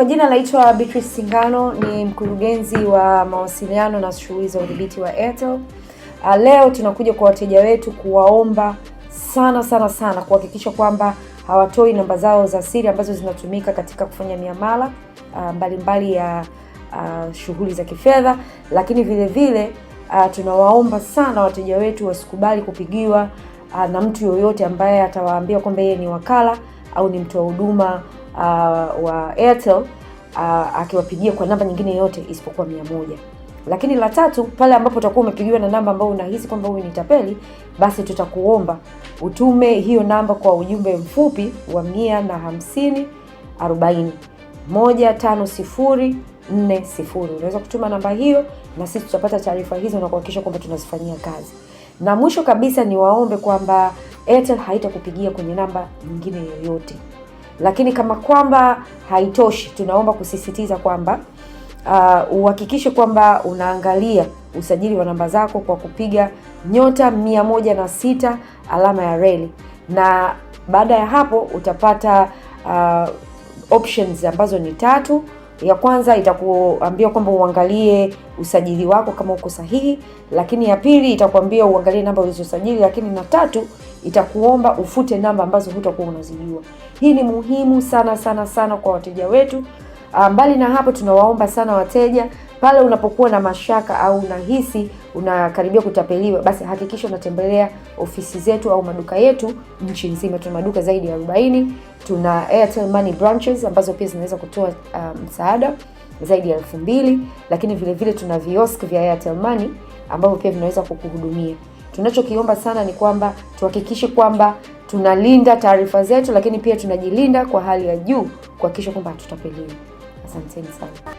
Kwa jina naitwa Beatrice Singano ni mkurugenzi wa mawasiliano na shughuli za udhibiti wa Airtel. Ah, leo tunakuja kwa wateja wetu kuwaomba sana sana sana kuhakikisha kwamba hawatoi namba zao za siri ambazo zinatumika katika kufanya miamala ah, mbalimbali mbali ya ah, shughuli za kifedha, lakini vile vile tunawaomba sana wateja wetu wasikubali kupigiwa na mtu yoyote ambaye atawaambia kwamba yeye ni wakala au ni mtoa huduma uh, wa Airtel uh, akiwapigia kwa namba nyingine yote isipokuwa mia moja. Lakini la tatu, pale ambapo utakuwa umepigiwa na namba ambayo unahisi kwamba wewe ni tapeli, basi tutakuomba utume hiyo namba kwa ujumbe mfupi wa mia na hamsini arobaini moja tano sifuri nne sifuri. Unaweza kutuma namba hiyo na sisi tutapata taarifa hizo na kuhakikisha kwamba tunazifanyia kazi. Na mwisho kabisa, niwaombe kwamba Airtel haitakupigia kwenye namba nyingine yoyote. Lakini kama kwamba haitoshi, tunaomba kusisitiza kwamba uh, uhakikishe kwamba unaangalia usajili wa namba zako kwa kupiga nyota mia moja na sita alama ya reli, na baada ya hapo utapata uh, options ambazo ni tatu. Ya kwanza itakuambia kwamba uangalie usajili wako kama uko sahihi, lakini ya pili itakuambia uangalie namba ulizosajili, lakini na tatu itakuomba ufute namba ambazo hutakuwa unazijua. Hii ni muhimu sana sana sana kwa wateja wetu. Ah, mbali na hapo, tunawaomba sana wateja, pale unapokuwa na mashaka au unahisi unakaribia kutapeliwa, basi hakikisha unatembelea ofisi zetu au maduka yetu nchi nzima. Tuna maduka zaidi ya 40. Tuna Airtel Money branches ambazo pia zinaweza kutoa ah, msaada um, zaidi ya elfu mbili, lakini vilevile tuna viosk vya Airtel Money ambavyo pia vinaweza kukuhudumia. Tunachokiomba sana ni kwamba tuhakikishe kwamba tunalinda taarifa zetu, lakini pia tunajilinda kwa hali ya juu kuhakikisha kwamba hatutapeliwa. Asanteni sana.